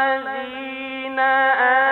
الذين آمنوا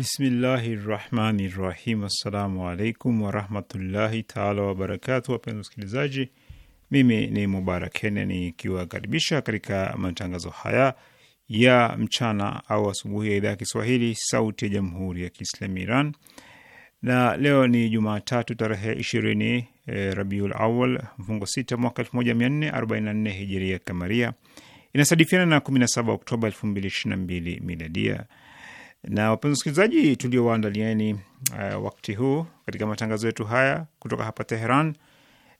Bismillahi rahmani rahim. Assalamu alaikum warahmatullahi taala wabarakatu. Wapenzi wasikilizaji, mimi ni Mubarak Kenya nikiwakaribisha katika matangazo haya ya mchana au asubuhi ya idhaa ya Kiswahili sauti ya jamhuri ya Kiislami Iran, na leo ni Jumatatu tarehe ishirini e, Rabiul Awal mfungo sita mwaka elfu moja mia nne arobaini na nne hijiria kamaria, inasadifiana na kumi na saba Oktoba elfu mbili ishirini na mbili miladia. Na wapenzi wasikilizaji, tuliowaandalieni uh, eh, wakati huu katika matangazo yetu haya kutoka hapa Teheran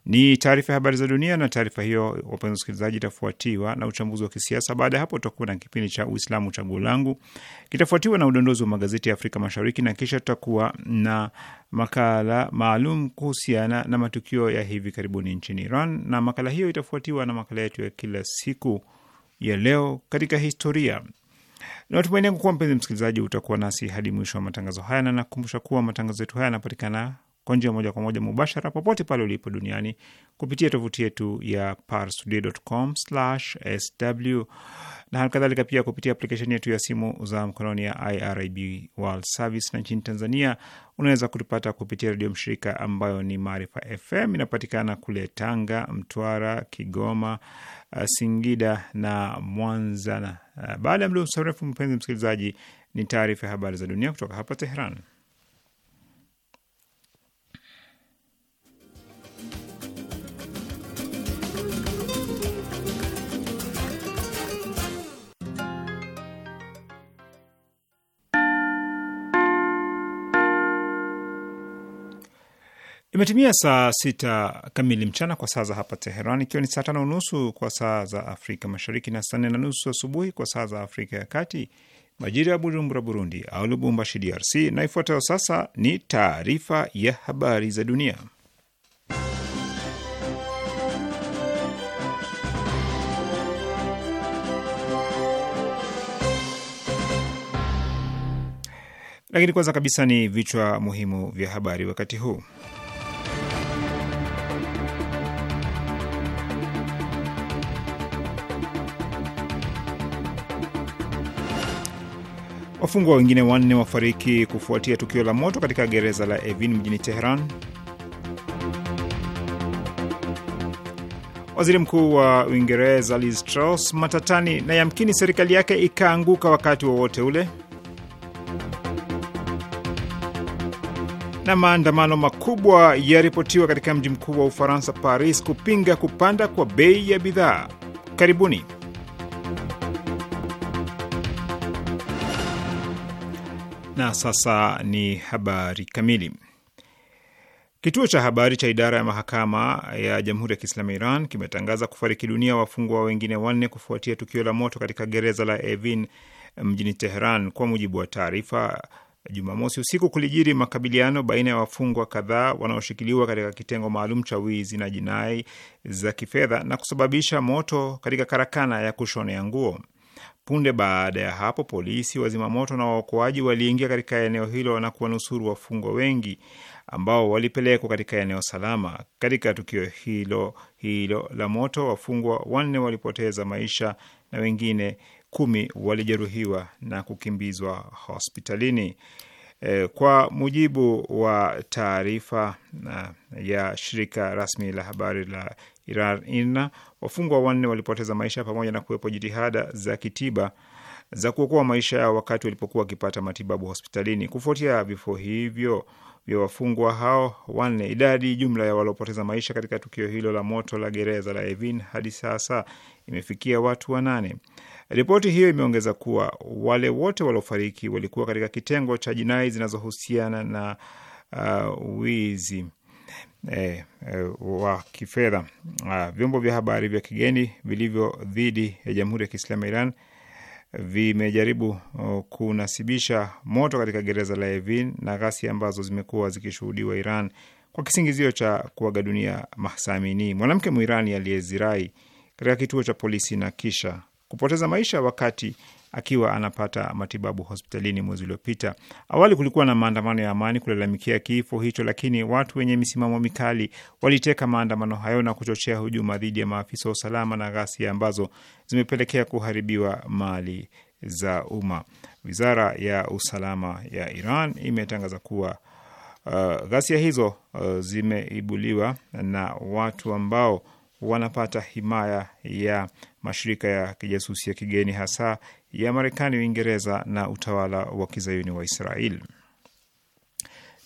ni taarifa ya habari za dunia, na taarifa hiyo wapenzi wasikilizaji, itafuatiwa na uchambuzi wa kisiasa. Baada ya hapo, tutakuwa na kipindi cha Uislamu chaguo langu, kitafuatiwa na udondozi wa magazeti ya Afrika Mashariki, na kisha tutakuwa na makala maalum kuhusiana na matukio ya hivi karibuni nchini Iran, na makala hiyo itafuatiwa na makala yetu ya kila siku ya leo katika historia. Natumaini yangu kuwa mpenzi msikilizaji, utakuwa nasi hadi mwisho wa matangazo haya, na nakumbusha kuwa matangazo yetu haya yanapatikana kwa njia moja kwa moja mubashara popote pale ulipo duniani kupitia tovuti yetu ya parstoday.com/sw na halikadhalika pia kupitia aplikesheni yetu ya simu za mkononi ya IRIB World Service, na nchini Tanzania unaweza kutupata kupitia redio mshirika ambayo ni Maarifa FM, inapatikana kule Tanga, Mtwara, Kigoma, Uh, Singida na Mwanza. Uh, baada ya mdo mrefu, mpenzi msikilizaji, ni taarifa ya habari za dunia kutoka hapa Tehran. Imetimia saa sita kamili mchana kwa saa za hapa Teheran, ikiwa ni saa tano nusu kwa saa za Afrika Mashariki na saa nne na nusu asubuhi kwa saa za Afrika ya Kati, majira ya Bujumbura, Burundi, au Lubumbashi, DRC. Na ifuatayo sasa ni taarifa ya habari za dunia, lakini kwanza kabisa ni vichwa muhimu vya habari wakati huu. Wafungwa wengine wanne wafariki kufuatia tukio la moto katika gereza la Evin mjini Teheran. Waziri Mkuu wa Uingereza Liz Truss matatani na yamkini serikali yake ikaanguka wakati wowote wa ule. Na maandamano makubwa yaripotiwa katika mji mkuu wa Ufaransa Paris kupinga kupanda kwa bei ya bidhaa. Karibuni. Na sasa ni habari kamili. Kituo cha habari cha idara ya mahakama ya Jamhuri ya Kiislamu ya Iran kimetangaza kufariki dunia wafungwa wengine wanne kufuatia tukio la moto katika gereza la Evin mjini Teheran. Kwa mujibu wa taarifa, Jumamosi usiku kulijiri makabiliano baina ya wafungwa kadhaa wanaoshikiliwa katika kitengo maalum cha wizi na jinai za kifedha na kusababisha moto katika karakana ya kushonea nguo. Punde baada ya hapo, polisi, wazimamoto na waokoaji waliingia katika eneo hilo na kuwanusuru wafungwa wengi ambao walipelekwa katika eneo salama. Katika tukio hilo hilo la moto, wafungwa wanne walipoteza maisha na wengine kumi walijeruhiwa na kukimbizwa hospitalini. E, kwa mujibu wa taarifa ya shirika rasmi la habari la Iran ina Wafungwa wanne walipoteza maisha pamoja na kuwepo jitihada za kitiba za kuokoa maisha yao wakati walipokuwa wakipata matibabu hospitalini. Kufuatia vifo hivyo vya wafungwa hao wanne, idadi jumla ya waliopoteza maisha katika tukio hilo la moto la gereza la Evin hadi sasa imefikia watu wanane. Ripoti hiyo imeongeza kuwa wale wote waliofariki walikuwa katika kitengo cha jinai zinazohusiana na uh, wizi e, e, wa kifedha. Ah, vyombo vya habari vya kigeni vilivyo dhidi ya Jamhuri ya Kiislamu ya Iran vimejaribu kunasibisha moto katika gereza la Evin na ghasia ambazo zimekuwa zikishuhudiwa Iran kwa kisingizio cha kuaga dunia Mahsa Amini, mwanamke Mwirani aliyezirai katika kituo cha polisi na kisha kupoteza maisha wakati akiwa anapata matibabu hospitalini mwezi uliopita. Awali kulikuwa na maandamano ya amani kulalamikia kifo hicho, lakini watu wenye misimamo mikali waliteka maandamano hayo na kuchochea hujuma dhidi ya maafisa wa usalama na ghasia ambazo zimepelekea kuharibiwa mali za umma. Wizara ya usalama ya Iran imetangaza kuwa uh, ghasia hizo uh, zimeibuliwa na watu ambao wanapata himaya ya mashirika ya kijasusi ya kigeni hasa ya Marekani, Uingereza na utawala wa kizayuni wa Israel.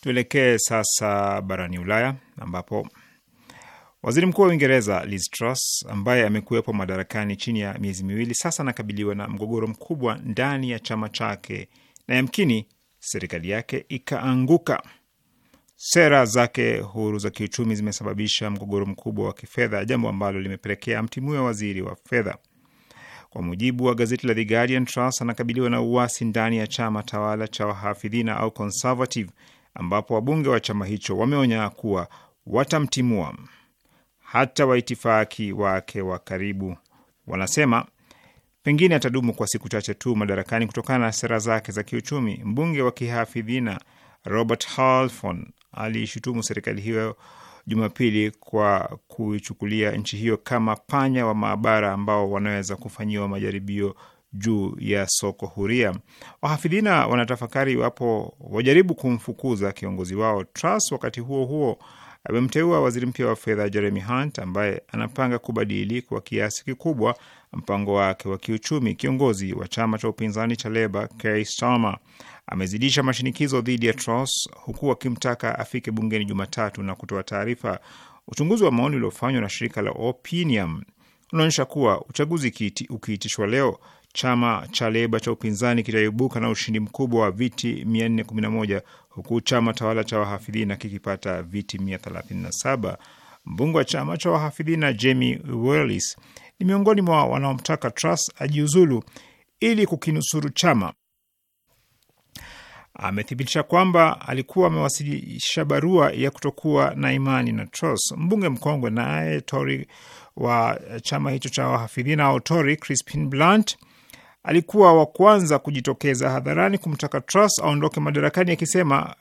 Tuelekee sasa barani Ulaya ambapo waziri mkuu wa Uingereza Liz Truss ambaye amekuwepo madarakani chini ya miezi miwili sasa anakabiliwa na mgogoro mkubwa ndani ya chama chake na yamkini serikali yake ikaanguka. Sera zake huru za kiuchumi zimesababisha mgogoro mkubwa wa kifedha, jambo ambalo limepelekea amtimue waziri wa fedha. Kwa mujibu wa gazeti la The Guardian, Truss anakabiliwa na uasi ndani ya chama tawala cha wahafidhina au conservative, ambapo wabunge wa chama hicho wameonya kuwa watamtimua. Hata waitifaki wake wa karibu wanasema pengine atadumu kwa siku chache tu madarakani kutokana na sera zake za kiuchumi. Mbunge wa kihafidhina Robert Halfon aliishutumu serikali hiyo Jumapili kwa kuichukulia nchi hiyo kama panya wa maabara ambao wanaweza kufanyiwa majaribio juu ya soko huria. Wahafidhina wanatafakari iwapo wajaribu kumfukuza kiongozi wao Truss. Wakati huo huo, amemteua waziri mpya wa fedha Jeremy Hunt ambaye anapanga kubadili kwa kiasi kikubwa mpango wake wa kiuchumi. Kiongozi wa chama cha upinzani cha Leba Keir Starmer amezidisha mashinikizo dhidi ya Truss huku akimtaka afike bungeni Jumatatu na kutoa taarifa. Uchunguzi wa maoni uliofanywa na shirika la Opinium unaonyesha kuwa uchaguzi ukiitishwa leo, chama cha Leba cha upinzani kitaibuka na ushindi mkubwa wa viti 411 huku chama tawala cha wahafidhina kikipata viti 137. Mbunge wa chama cha wahafidhina Jamie Willis ni miongoni mwa wanaomtaka Truss ajiuzulu ili kukinusuru chama amethibitisha kwamba alikuwa amewasilisha barua ya kutokuwa na imani na Truss. Mbunge mkongwe naye Tory wa chama hicho cha wahafidhina au Tory, Crispin Blunt alikuwa wa kwanza kujitokeza hadharani kumtaka Truss aondoke madarakani, akisema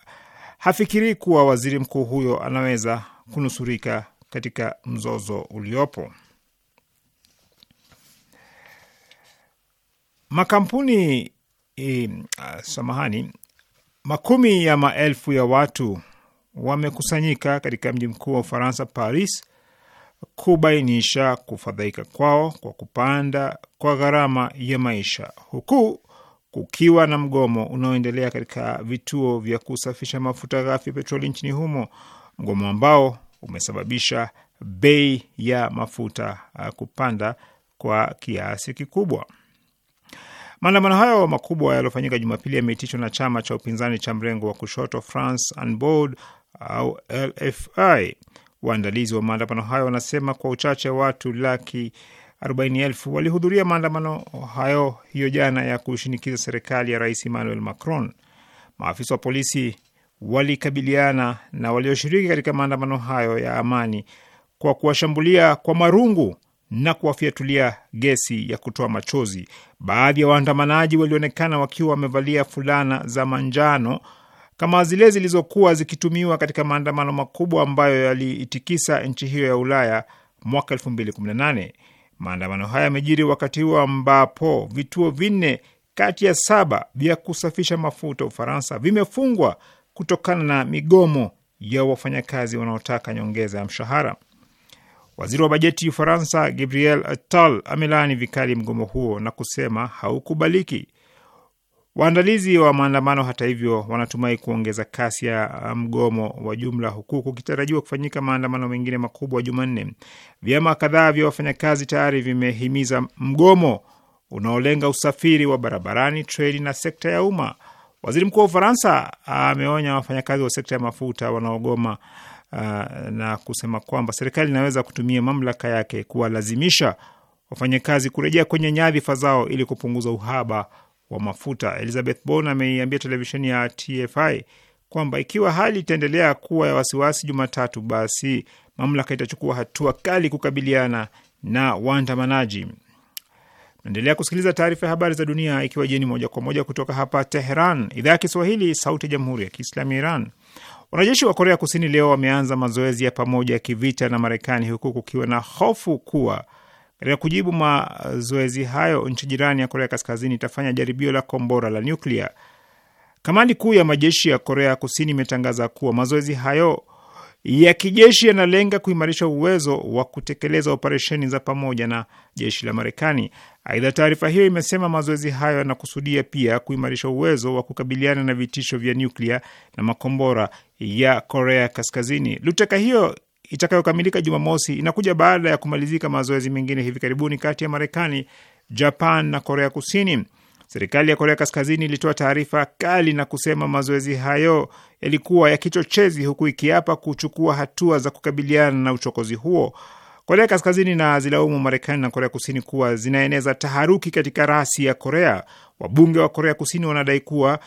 hafikirii kuwa waziri mkuu huyo anaweza kunusurika katika mzozo uliopo. Makampuni e, samahani Makumi ya maelfu ya watu wamekusanyika katika mji mkuu wa Ufaransa, Paris, kubainisha kufadhaika kwao kwa kupanda kwa gharama ya maisha, huku kukiwa na mgomo unaoendelea katika vituo vya kusafisha mafuta ghafi ya petroli nchini humo, mgomo ambao umesababisha bei ya mafuta ah, kupanda kwa kiasi kikubwa. Maandamano hayo makubwa yaliyofanyika Jumapili yameitishwa na chama cha upinzani cha mrengo wa kushoto France Unbowed au LFI. Waandalizi wa maandamano hayo wanasema kwa uchache watu laki 40,000 walihudhuria maandamano hayo hiyo jana ya kushinikiza serikali ya rais Emmanuel Macron. Maafisa wa polisi walikabiliana na walioshiriki katika maandamano hayo ya amani kwa kuwashambulia kwa marungu na kuwafyatulia gesi ya kutoa machozi. Baadhi ya waandamanaji walionekana wakiwa wamevalia fulana za manjano kama zile zilizokuwa zikitumiwa katika maandamano makubwa ambayo yaliitikisa nchi hiyo ya Ulaya mwaka 2018. Maandamano haya yamejiri wakati huo ambapo vituo vinne kati ya saba vya kusafisha mafuta Ufaransa vimefungwa kutokana na migomo ya wafanyakazi wanaotaka nyongeza ya mshahara. Waziri wa bajeti Ufaransa Gabriel Attal amelaani vikali mgomo huo na kusema haukubaliki. Waandalizi wa maandamano, hata hivyo, wanatumai kuongeza kasi ya uh, mgomo wa jumla, huku kukitarajiwa kufanyika maandamano mengine makubwa Jumanne. Vyama kadhaa vya wafanyakazi tayari vimehimiza mgomo unaolenga usafiri wa barabarani, treni na sekta ya umma. Waziri mkuu wa Ufaransa uh, ameonya wafanyakazi wa sekta ya mafuta wanaogoma Uh, na kusema kwamba serikali inaweza kutumia mamlaka yake kuwalazimisha wafanyakazi kurejea kwenye nyadhifa zao ili kupunguza uhaba wa mafuta. Elizabeth Borne ameiambia televisheni ya TFI kwamba ikiwa hali itaendelea kuwa ya wasiwasi Jumatatu, basi mamlaka itachukua hatua kali kukabiliana na waandamanaji. Naendelea kusikiliza taarifa ya habari za dunia ikiwa jeni moja kwa moja kutoka hapa Teheran, idhaa ya Kiswahili, sauti ya jamhuri ya kiislamu ya Iran. Wanajeshi wa Korea Kusini leo wameanza mazoezi ya pamoja ya kivita na Marekani, huku kukiwa na hofu kuwa katika kujibu mazoezi hayo, nchi jirani ya Korea Kaskazini itafanya jaribio la kombora la nyuklia. Kamandi kuu ya majeshi ya Korea Kusini imetangaza kuwa mazoezi hayo ya kijeshi yanalenga kuimarisha uwezo wa kutekeleza operesheni za pamoja na jeshi la Marekani. Aidha, taarifa hiyo imesema mazoezi hayo yanakusudia pia kuimarisha uwezo wa kukabiliana na vitisho vya nyuklia na makombora ya Korea Kaskazini. Luteka hiyo itakayokamilika Jumamosi inakuja baada ya kumalizika mazoezi mengine hivi karibuni kati ya Marekani, Japan na Korea Kusini. Serikali ya Korea Kaskazini ilitoa taarifa kali na kusema mazoezi hayo yalikuwa ya kichochezi, huku ikiapa kuchukua hatua za kukabiliana na uchokozi huo. Korea Kaskazini na zilaumu Marekani na Korea Kusini kuwa zinaeneza taharuki katika rasi ya Korea. Wabunge wa Korea Kusini wanadai kuwa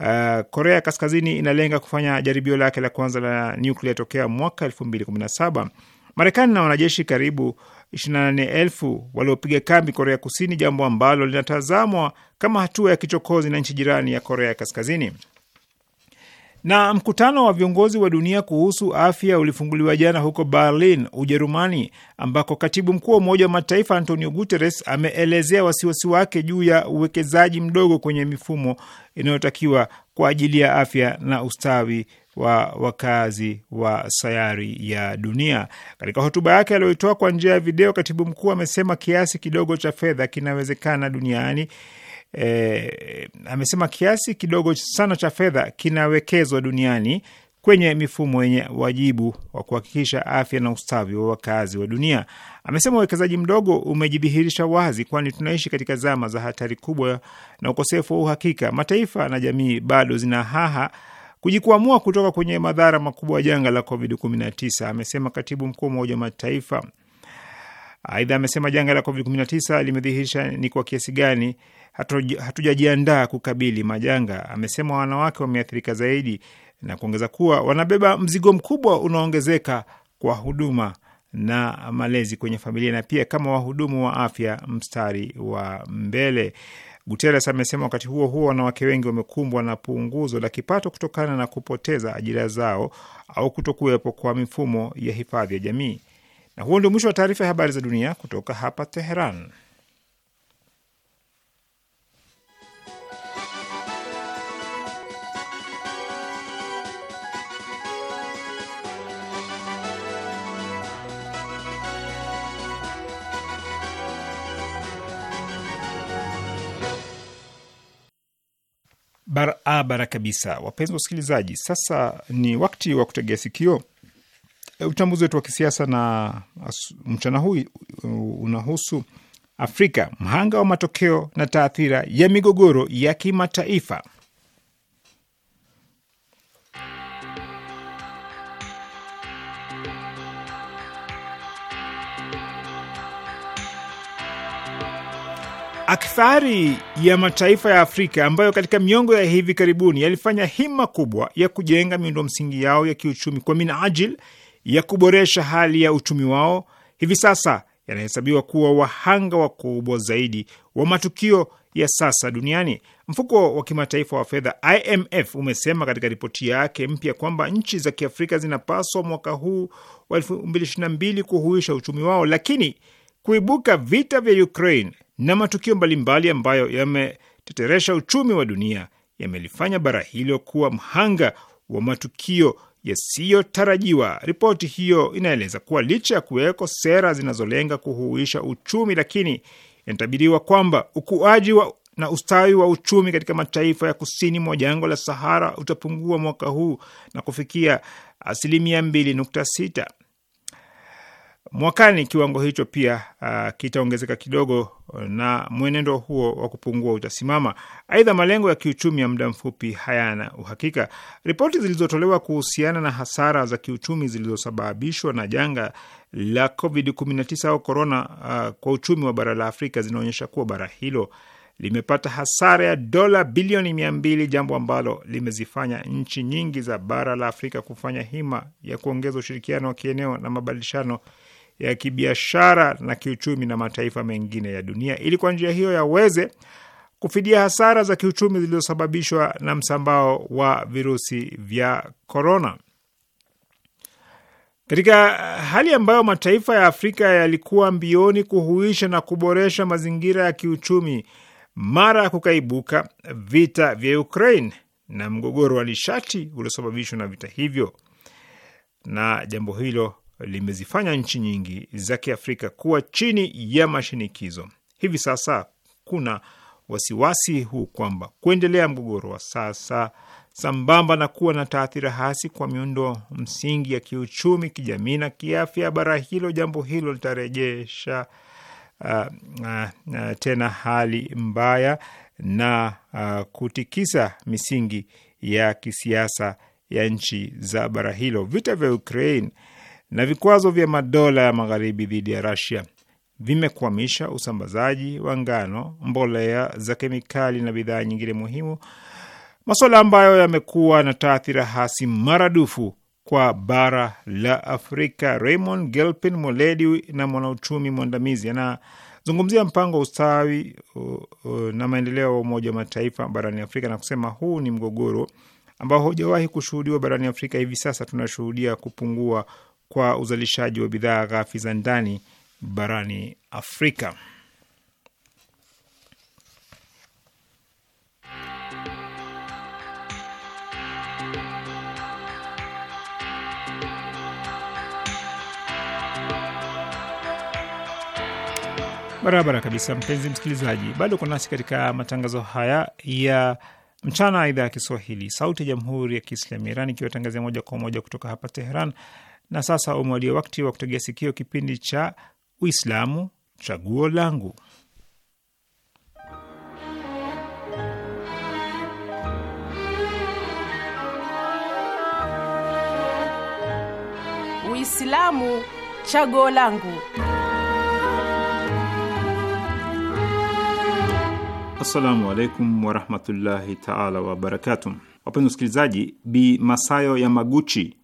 uh, Korea Kaskazini inalenga kufanya jaribio lake la kwanza la nyuklia tokea mwaka 2017. Marekani na wanajeshi karibu 28,000 waliopiga kambi Korea Kusini, jambo ambalo linatazamwa kama hatua ya kichokozi na nchi jirani ya Korea Kaskazini. Na mkutano wa viongozi wa dunia kuhusu afya ulifunguliwa jana huko Berlin, Ujerumani, ambako katibu mkuu wa Umoja wa Mataifa Antonio Guterres ameelezea wasiwasi wake juu ya uwekezaji mdogo kwenye mifumo inayotakiwa kwa ajili ya afya na ustawi wa wakazi wa sayari ya dunia. Katika hotuba yake aliyoitoa kwa njia ya video, katibu mkuu amesema kiasi kidogo cha fedha kinawezekana duniani. E, amesema kiasi kidogo sana cha fedha kinawekezwa duniani kwenye mifumo yenye wajibu wa kuhakikisha afya na ustawi wa wakazi wa dunia. Amesema uwekezaji mdogo umejidhihirisha wazi, kwani tunaishi katika zama za hatari kubwa na ukosefu wa uhakika. Mataifa na jamii bado zina haha kujikwamua kutoka kwenye madhara makubwa ya janga la COVID-19, amesema katibu mkuu wa Umoja wa Mataifa. Aidha amesema janga la COVID-19 limedhihirisha ni kwa kiasi gani hatujajiandaa kukabili majanga. Amesema wanawake wameathirika zaidi na kuongeza kuwa wanabeba mzigo mkubwa unaoongezeka kwa huduma na malezi kwenye familia na pia kama wahudumu wa afya mstari wa mbele. Guterres amesema wakati huo huo, wanawake wengi wamekumbwa na punguzo la kipato kutokana na kupoteza ajira zao au kutokuwepo kwa mifumo ya hifadhi ya jamii. Na huo ndio mwisho wa taarifa ya habari za dunia kutoka hapa Teheran. barabara ah, kabisa. Wapenzi wa usikilizaji sasa ni wakati wa kutegea sikio eh, uchambuzi wetu wa kisiasa na mchana huu uh, unahusu Afrika, mhanga wa matokeo na taathira ya migogoro ya kimataifa. Akthari ya mataifa ya Afrika ambayo katika miongo ya hivi karibuni yalifanya hima kubwa ya kujenga miundo msingi yao ya kiuchumi kwa minajili ya kuboresha hali ya uchumi wao, hivi sasa yanahesabiwa kuwa wahanga wakubwa zaidi wa matukio ya sasa duniani. Mfuko wa kimataifa wa fedha IMF umesema katika ripoti yake mpya kwamba nchi za Kiafrika zinapaswa mwaka huu wa 2022 kuhuisha uchumi wao, lakini kuibuka vita vya Ukraine na matukio mbalimbali ambayo yameteteresha uchumi wa dunia yamelifanya bara hilo kuwa mhanga wa matukio yasiyotarajiwa. Ripoti hiyo inaeleza kuwa licha ya kuweko sera zinazolenga kuhuisha uchumi, lakini inatabiriwa kwamba ukuaji wa na ustawi wa uchumi katika mataifa ya kusini mwa jangwa la Sahara utapungua mwaka huu na kufikia asilimia mbili nukta sita. Mwakani kiwango hicho pia uh, kitaongezeka kidogo uh, na mwenendo huo wa kupungua utasimama. Aidha, malengo ya kiuchumi ya muda mfupi hayana uhakika. Ripoti zilizotolewa kuhusiana na hasara za kiuchumi zilizosababishwa na janga la COVID-19 au korona uh, kwa uchumi wa bara la Afrika zinaonyesha kuwa bara hilo limepata hasara ya dola bilioni mia mbili, jambo ambalo limezifanya nchi nyingi za bara la Afrika kufanya hima ya kuongeza ushirikiano wa kieneo na mabadilishano ya kibiashara na kiuchumi na mataifa mengine ya dunia ili kwa njia hiyo yaweze kufidia hasara za kiuchumi zilizosababishwa na msambao wa virusi vya korona. Katika hali ambayo mataifa ya Afrika yalikuwa mbioni kuhuisha na kuboresha mazingira ya kiuchumi mara ya kukaibuka vita vya Ukraine na mgogoro wa nishati uliosababishwa na vita hivyo, na jambo hilo limezifanya nchi nyingi za Kiafrika kuwa chini ya mashinikizo. Hivi sasa kuna wasiwasi huu kwamba kuendelea mgogoro wa sasa sambamba na kuwa na taathira hasi kwa miundo msingi ya kiuchumi, kijamii na kiafya bara hilo, jambo hilo litarejesha uh, uh, uh tena hali mbaya na uh, kutikisa misingi ya kisiasa ya nchi za bara hilo. Vita vya Ukraine na vikwazo vya madola ya magharibi dhidi ya Rasia vimekwamisha usambazaji wa ngano, mbolea za kemikali na bidhaa nyingine muhimu, masuala ambayo yamekuwa na taathira hasi maradufu kwa bara la Afrika. Raymond Gelpin, Moledi na mwanauchumi mwandamizi, anazungumzia mpango wa ustawi na maendeleo ya Umoja wa Mataifa barani Afrika na kusema huu ni mgogoro ambao haujawahi kushuhudiwa barani Afrika. Hivi sasa tunashuhudia kupungua kwa uzalishaji wa bidhaa ghafi za ndani barani Afrika. Barabara kabisa, mpenzi msikilizaji, bado uko nasi katika matangazo haya ya mchana, idhaa ya Kiswahili, sauti ya jamhuri ya kiislamu ya Iran, ikiwatangazia moja kwa moja kutoka hapa Teheran na sasa umewadia wakati wa kutegea sikio kipindi cha Uislamu Chaguo Langu. Uislamu Chaguo Langu. Assalamu alaikum warahmatullahi taala wabarakatu. Wapenzi wasikilizaji, Bi Masayo ya Maguchi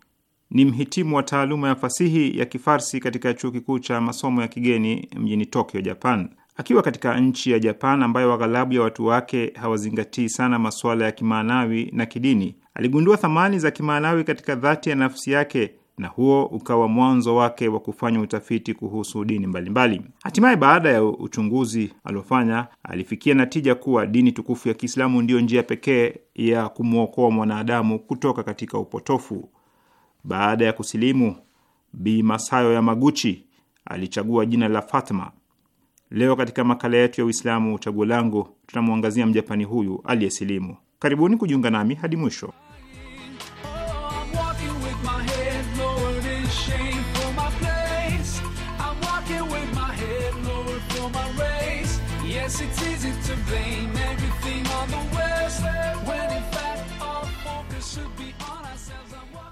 ni mhitimu wa taaluma ya fasihi ya Kifarsi katika chuo kikuu cha masomo ya kigeni mjini Tokyo, Japan. Akiwa katika nchi ya Japan ambayo waghalabu ya watu wake hawazingatii sana masuala ya kimaanawi na kidini, aligundua thamani za kimaanawi katika dhati ya nafsi yake na huo ukawa mwanzo wake wa kufanya utafiti kuhusu dini mbalimbali. Hatimaye, baada ya uchunguzi aliofanya, alifikia natija kuwa dini tukufu ya Kiislamu ndiyo njia pekee ya kumwokoa mwanadamu kutoka katika upotofu. Baada ya kusilimu, Bi Masayo Yamaguchi alichagua jina la Fatma. Leo katika makala yetu ya Uislamu Chaguo Langu, tunamwangazia Mjapani huyu aliyesilimu. Karibuni kujiunga nami hadi mwisho.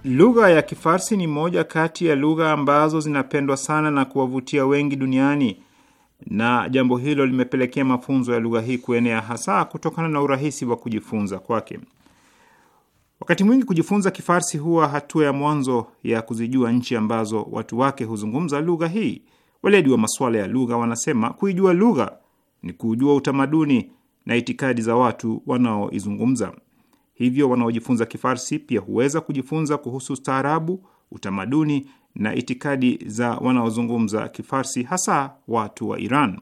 Lugha ya Kifarsi ni moja kati ya lugha ambazo zinapendwa sana na kuwavutia wengi duniani, na jambo hilo limepelekea mafunzo ya lugha hii kuenea, hasa kutokana na urahisi wa kujifunza kwake. Wakati mwingi kujifunza Kifarsi huwa hatua ya mwanzo ya kuzijua nchi ambazo watu wake huzungumza lugha hii. Weledi wa masuala ya lugha wanasema kuijua lugha ni kujua utamaduni na itikadi za watu wanaoizungumza. Hivyo wanaojifunza Kifarsi pia huweza kujifunza kuhusu staarabu, utamaduni na itikadi za wanaozungumza Kifarsi, hasa watu wa Iran.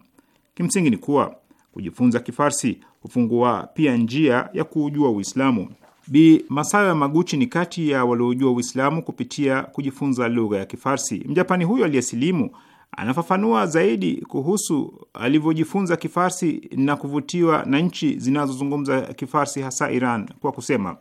Kimsingi ni kuwa kujifunza Kifarsi hufungua pia njia ya kuujua Uislamu. Bi Masayo ya Maguchi ni kati ya waliojua Uislamu kupitia kujifunza lugha ya Kifarsi. Mjapani huyo aliyesilimu Anafafanua zaidi kuhusu alivyojifunza Kifarsi na kuvutiwa na nchi zinazozungumza Kifarsi, hasa Iran, kwa kusema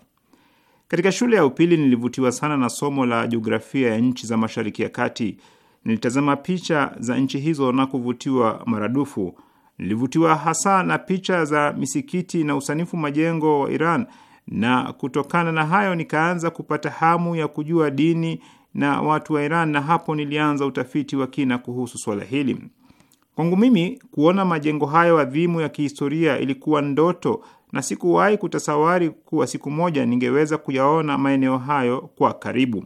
katika shule ya upili nilivutiwa sana na somo la jiografia ya nchi za Mashariki ya Kati. Nilitazama picha za nchi hizo na kuvutiwa maradufu. Nilivutiwa hasa na picha za misikiti na usanifu majengo wa Iran, na kutokana na hayo nikaanza kupata hamu ya kujua dini na watu wa Iran, na hapo nilianza utafiti wa kina kuhusu swala hili. Kwangu mimi kuona majengo hayo adhimu ya kihistoria ilikuwa ndoto, na sikuwahi kutasawari kuwa siku moja ningeweza kuyaona maeneo hayo kwa karibu.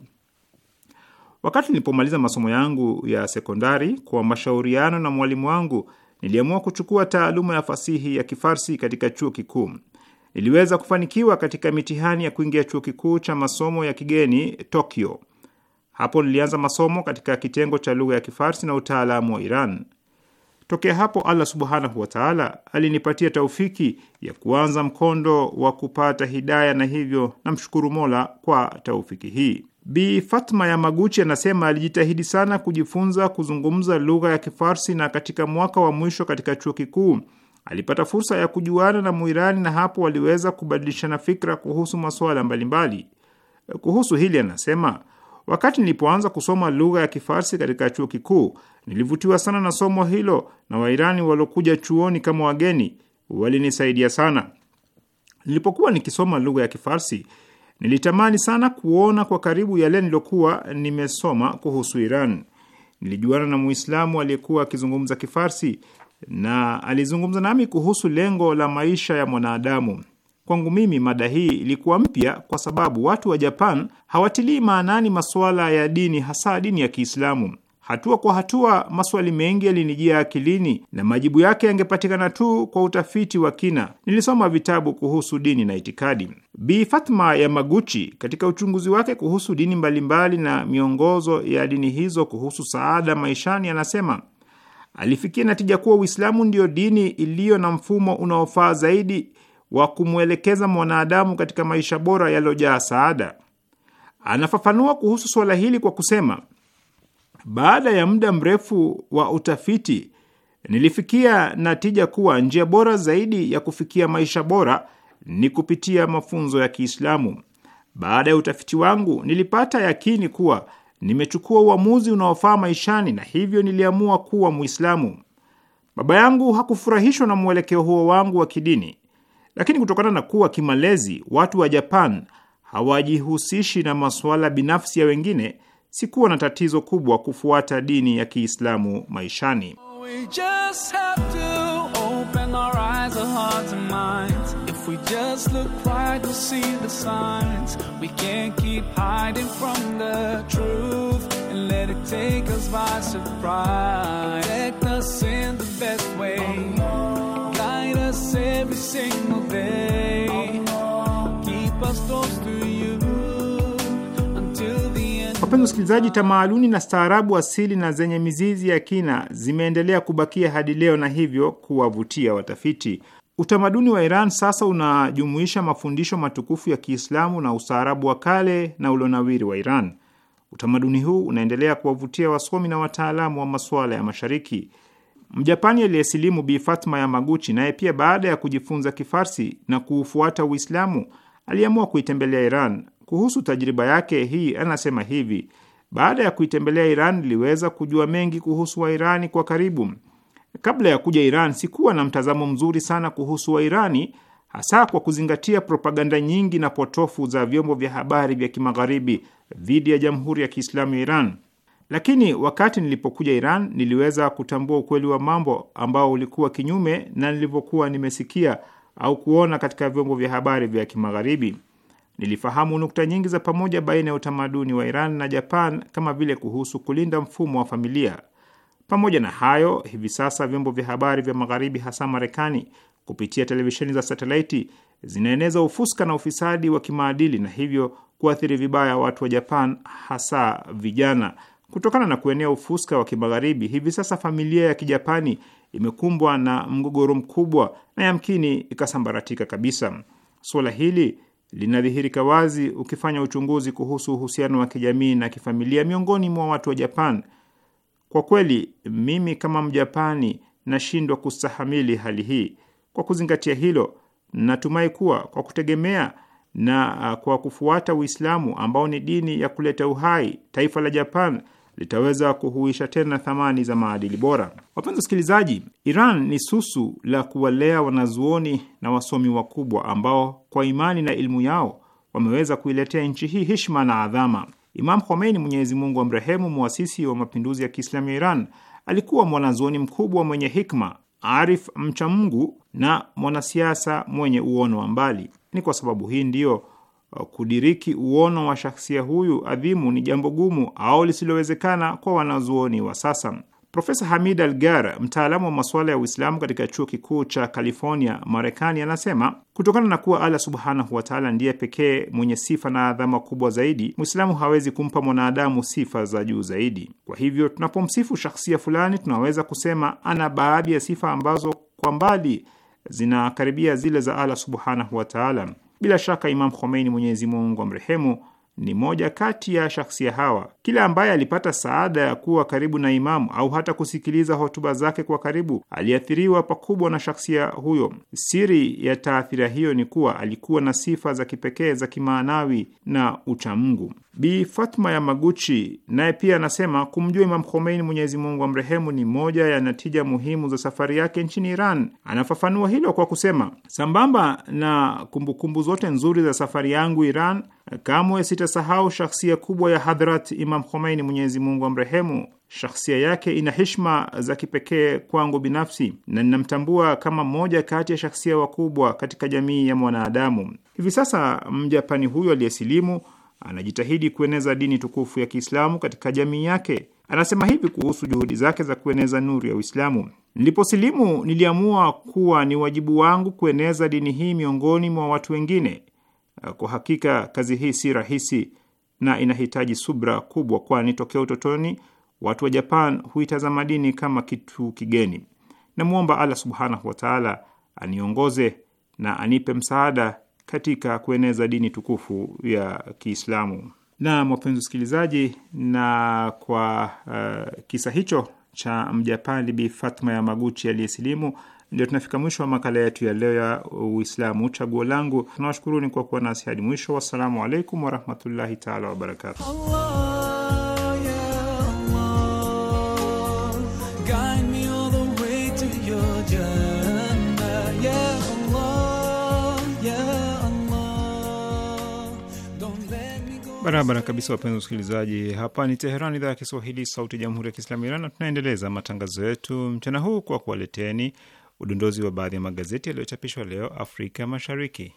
Wakati nilipomaliza masomo yangu ya sekondari, kwa mashauriano na mwalimu wangu, niliamua kuchukua taaluma ya fasihi ya Kifarsi katika chuo kikuu. Niliweza kufanikiwa katika mitihani ya kuingia chuo kikuu cha masomo ya kigeni Tokyo. Hapo nilianza masomo katika kitengo cha lugha ya Kifarsi na utaalamu wa Iran. Tokea hapo Allah subhanahu wataala alinipatia taufiki ya kuanza mkondo wa kupata hidaya, na hivyo namshukuru Mola kwa taufiki hii. Bi Fatma ya Maguchi anasema alijitahidi sana kujifunza kuzungumza lugha ya Kifarsi, na katika mwaka wa mwisho katika chuo kikuu alipata fursa ya kujuana na Muirani, na hapo waliweza kubadilishana fikra kuhusu masuala mbalimbali. Kuhusu hili anasema Wakati nilipoanza kusoma lugha ya Kifarsi katika chuo kikuu, nilivutiwa sana na somo hilo, na Wairani waliokuja chuoni kama wageni walinisaidia sana. Nilipokuwa nikisoma lugha ya Kifarsi, nilitamani sana kuona kwa karibu yale niliokuwa nimesoma kuhusu Iran. Nilijuana na Muislamu aliyekuwa akizungumza Kifarsi na alizungumza nami kuhusu lengo la maisha ya mwanadamu. Kwangu mimi mada hii ilikuwa mpya kwa sababu watu wa Japan hawatilii maanani masuala ya dini, hasa dini ya Kiislamu. Hatua kwa hatua, maswali mengi yalinijia akilini na majibu yake yangepatikana tu kwa utafiti wa kina. Nilisoma vitabu kuhusu dini na itikadi. Bi Fatma Yamaguchi katika uchunguzi wake kuhusu dini mbalimbali na miongozo ya dini hizo kuhusu saada maishani, anasema alifikia natija kuwa Uislamu ndiyo dini iliyo na mfumo unaofaa zaidi wa kumwelekeza mwanadamu katika maisha bora yaliyojaa saada. Anafafanua kuhusu suala hili kwa kusema, baada ya muda mrefu wa utafiti, nilifikia natija kuwa njia bora zaidi ya kufikia maisha bora ni kupitia mafunzo ya Kiislamu. Baada ya utafiti wangu, nilipata yakini kuwa nimechukua uamuzi unaofaa maishani, na hivyo niliamua kuwa Muislamu. Baba yangu hakufurahishwa na mwelekeo huo wangu wa kidini lakini kutokana na kuwa kimalezi watu wa Japan hawajihusishi na masuala binafsi ya wengine, sikuwa na tatizo kubwa kufuata dini ya Kiislamu maishani single day. Keep us close to you. Wapenzi wasikilizaji, tamaduni na staarabu asili na zenye mizizi ya kina zimeendelea kubakia hadi leo na hivyo kuwavutia watafiti. Utamaduni wa Iran sasa unajumuisha mafundisho matukufu ya Kiislamu na ustaarabu wa kale na ulonawiri wa Iran. Utamaduni huu unaendelea kuwavutia wasomi na wataalamu wa masuala ya Mashariki. Mjapani aliyesilimu Bi Fatma Yamaguchi naye pia baada ya kujifunza Kifarsi na kuufuata Uislamu aliamua kuitembelea Iran. Kuhusu tajriba yake hii anasema hivi: baada ya kuitembelea Iran niliweza kujua mengi kuhusu Wairani kwa karibu. Kabla ya kuja Iran sikuwa na mtazamo mzuri sana kuhusu Wairani, hasa kwa kuzingatia propaganda nyingi na potofu za vyombo vya habari vya kimagharibi dhidi ya Jamhuri ya Kiislamu ya Iran. Lakini wakati nilipokuja Iran niliweza kutambua ukweli wa mambo ambao ulikuwa kinyume na nilivyokuwa nimesikia au kuona katika vyombo vya habari vya Kimagharibi. Nilifahamu nukta nyingi za pamoja baina ya utamaduni wa Iran na Japan kama vile kuhusu kulinda mfumo wa familia. Pamoja na hayo, hivi sasa vyombo vya habari vya Magharibi, hasa Marekani, kupitia televisheni za satelaiti zinaeneza ufuska na ufisadi wa kimaadili na hivyo kuathiri vibaya watu wa Japan, hasa vijana. Kutokana na kuenea ufuska wa kimagharibi, hivi sasa familia ya kijapani imekumbwa na mgogoro mkubwa na yamkini ikasambaratika kabisa. Suala hili linadhihirika wazi ukifanya uchunguzi kuhusu uhusiano wa kijamii na kifamilia miongoni mwa watu wa Japan. Kwa kweli, mimi kama Mjapani nashindwa kustahamili hali hii. Kwa kuzingatia hilo, natumai kuwa kwa kutegemea na kwa kufuata Uislamu ambao ni dini ya kuleta uhai, taifa la Japan litaweza kuhuisha tena thamani za maadili bora. Wapenzi wasikilizaji, Iran ni susu la kuwalea wanazuoni na wasomi wakubwa ambao kwa imani na ilmu yao wameweza kuiletea nchi hii hishma na adhama. Imam Khomeini, Mwenyezi Mungu amrehemu, mwasisi wa mapinduzi ya Kiislamu ya Iran, alikuwa mwanazuoni mkubwa mwenye hikma, arif, mcha Mungu na mwanasiasa mwenye uono wa mbali. Ni kwa sababu hii ndiyo kudiriki uono wa shahsia huyu adhimu ni jambo gumu au lisilowezekana kwa wanazuoni wa sasa. Profesa Hamid Algar, mtaalamu wa masuala ya Uislamu katika chuo kikuu cha California, Marekani, anasema kutokana na kuwa Allah subhanahu wataala ndiye pekee mwenye sifa na adhama kubwa zaidi, Mwislamu hawezi kumpa mwanadamu sifa za juu zaidi. Kwa hivyo, tunapomsifu shahsia fulani, tunaweza kusema ana baadhi ya sifa ambazo kwa mbali zinakaribia zile za Allah subhanahu wataala. Bila shaka Imam Khomeini, Mwenyezi Mungu amrehemu, ni moja kati ya shakhsia hawa. Kila ambaye alipata saada ya kuwa karibu na Imamu au hata kusikiliza hotuba zake kwa karibu aliathiriwa pakubwa na shakhsia huyo. Siri ya taathira hiyo ni kuwa alikuwa na sifa za kipekee za kimaanawi na uchamungu. Bi Fatma ya Maguchi naye pia anasema kumjua Imam Khomeini, Mwenyezi Mungu amrehemu, ni moja ya natija muhimu za safari yake nchini Iran. Anafafanua hilo kwa kusema, sambamba na kumbukumbu kumbu zote nzuri za safari yangu Iran, kamwe sitasahau shakhsia kubwa ya Hadhrat Imam Khomeini, Mwenyezi Mungu amrehemu. Shakhsia yake ina heshima za kipekee kwangu binafsi na ninamtambua kama mmoja kati ya shakhsia wakubwa katika jamii ya mwanadamu. Hivi sasa Mjapani huyo aliyesilimu anajitahidi kueneza dini tukufu ya Kiislamu katika jamii yake. Anasema hivi kuhusu juhudi zake za kueneza nuru ya Uislamu: niliposilimu niliamua kuwa ni wajibu wangu kueneza dini hii miongoni mwa watu wengine. Kwa hakika kazi hii si rahisi na inahitaji subra kubwa, kwani tokea utotoni watu wa Japan huitazama dini kama kitu kigeni. Namwomba Allah subhanahu wataala aniongoze na anipe msaada katika kueneza dini tukufu ya Kiislamu. Na wapenzi wasikilizaji, na kwa uh, kisa hicho cha Mjapani Bi Fatma ya Maguchi aliyesilimu, ndio tunafika mwisho wa makala yetu ya leo ya Uislamu Chaguo Langu. Tunawashukuruni kwa kuwa nasi hadi mwisho. Wassalamu alaikum warahmatullahi taala wabarakatu. Barabara kabisa, wapenzi wasikilizaji, hapa ni Teheran, idhaa ya Kiswahili, sauti ya jamhuri ya kiislamu Iran, na tunaendeleza matangazo yetu mchana huu kwa kuwaleteni udondozi wa baadhi ya magazeti yaliyochapishwa leo Afrika Mashariki.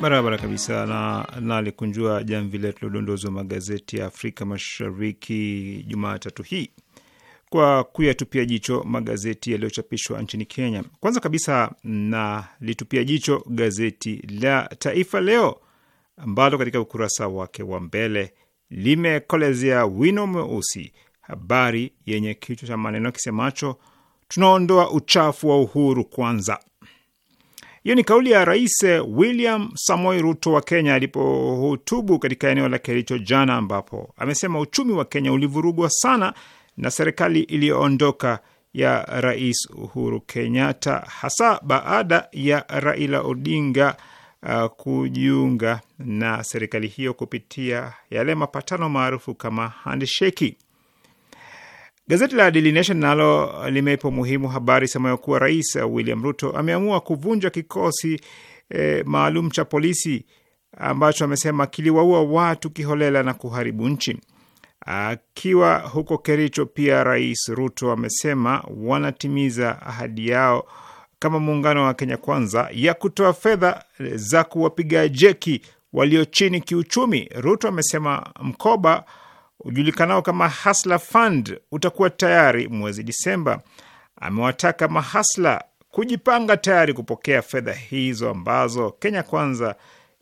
Barabara kabisa na nalikunjua jamvi letu la udondozi wa magazeti ya Afrika Mashariki Jumatatu hii kwa kuyatupia jicho magazeti yaliyochapishwa nchini Kenya. Kwanza kabisa nalitupia jicho gazeti la Taifa Leo ambalo katika ukurasa wake wa mbele limekolezea wino mweusi habari yenye kichwa cha maneno kisemacho tunaondoa uchafu wa uhuru kwanza. Hiyo ni kauli ya Rais William Samoei Ruto wa Kenya alipohutubu katika eneo la Kericho jana, ambapo amesema uchumi wa Kenya ulivurugwa sana na serikali iliyoondoka ya Rais Uhuru Kenyatta, hasa baada ya Raila Odinga uh, kujiunga na serikali hiyo kupitia yale mapatano maarufu kama handsheki. Gazeti la Daily Nation nalo limeipa umuhimu habari semayo kuwa Rais William Ruto ameamua kuvunja kikosi e, maalum cha polisi ambacho amesema kiliwaua watu kiholela na kuharibu nchi. Akiwa huko Kericho pia, Rais Ruto amesema wanatimiza ahadi yao kama muungano wa Kenya Kwanza ya kutoa fedha za kuwapiga jeki walio chini kiuchumi. Ruto amesema mkoba ujulikanao kama Hasla Fund utakuwa tayari mwezi Disemba. Amewataka mahasla kujipanga tayari kupokea fedha hizo ambazo Kenya Kwanza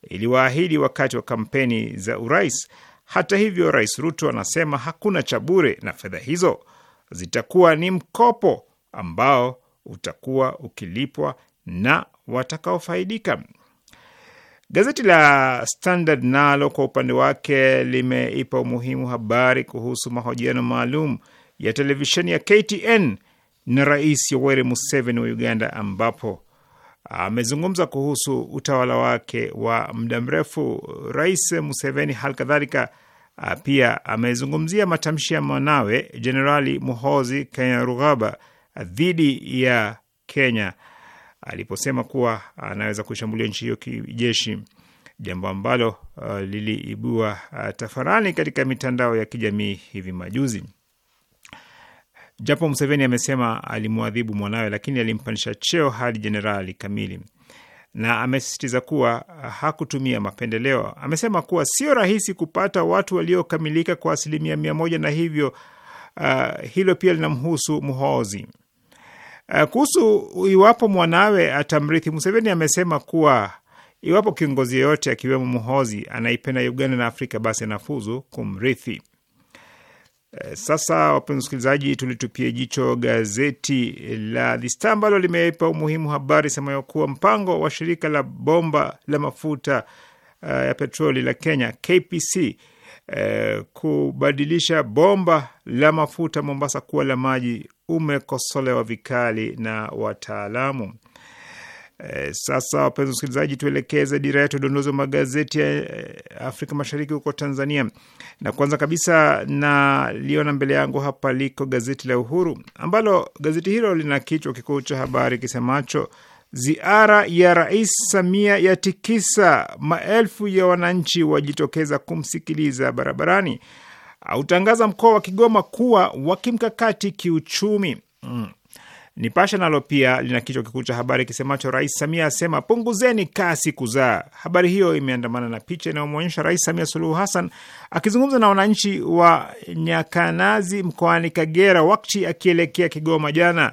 iliwaahidi wakati wa kampeni za urais. Hata hivyo, Rais Ruto anasema hakuna cha bure na fedha hizo zitakuwa ni mkopo ambao utakuwa ukilipwa na watakaofaidika. Gazeti la Standard nalo kwa upande wake limeipa umuhimu habari kuhusu mahojiano maalum ya televisheni ya KTN na Rais Yoweri Museveni wa Uganda, ambapo amezungumza kuhusu utawala wake wa muda mrefu. Rais Museveni halikadhalika Ah, pia amezungumzia matamshi ya mwanawe Jenerali Muhozi Kainerugaba ah, dhidi ya Kenya aliposema kuwa anaweza kushambulia nchi hiyo kijeshi, jambo ambalo uh, liliibua uh, tafarani katika mitandao ya kijamii hivi majuzi. Japo Museveni amesema alimwadhibu mwanawe, lakini alimpandisha cheo hadi jenerali kamili na amesisitiza kuwa uh, hakutumia mapendeleo. Amesema kuwa sio rahisi kupata watu waliokamilika kwa asilimia mia moja na hivyo uh, hilo pia linamhusu Muhoozi. Uh, kuhusu iwapo mwanawe atamrithi, Museveni amesema kuwa iwapo kiongozi yoyote akiwemo Muhoozi anaipenda Uganda na Afrika, basi anafuzu kumrithi. Eh, sasa wapenzi wasikilizaji, tulitupie jicho gazeti la The Star ambalo limeipa umuhimu habari semayo kuwa mpango wa shirika la bomba la mafuta uh, ya petroli la Kenya KPC uh, eh, kubadilisha bomba la mafuta Mombasa kuwa la maji umekosolewa vikali na wataalamu. E, sasa wapenzi wasikilizaji, tuelekeze dira yetu dondozi wa magazeti ya e, Afrika Mashariki huko Tanzania, na kwanza kabisa naliona mbele yangu hapa liko gazeti la Uhuru ambalo gazeti hilo lina kichwa kikuu cha habari kisemacho ziara ya Rais Samia ya tikisa, maelfu ya wananchi wajitokeza kumsikiliza barabarani, autangaza mkoa wa Kigoma kuwa wa kimkakati kiuchumi. Mm pasha nalo pia lina kichwa kikuu cha habari kisemacho Rais Samia asema punguzeni kasi kuzaa. Habari hiyo imeandamana na picha inayomwonyesha Rais Samia Suluhu Hassan akizungumza na wananchi wa Nyakanazi mkoani Kagera wakati akielekea Kigoma jana.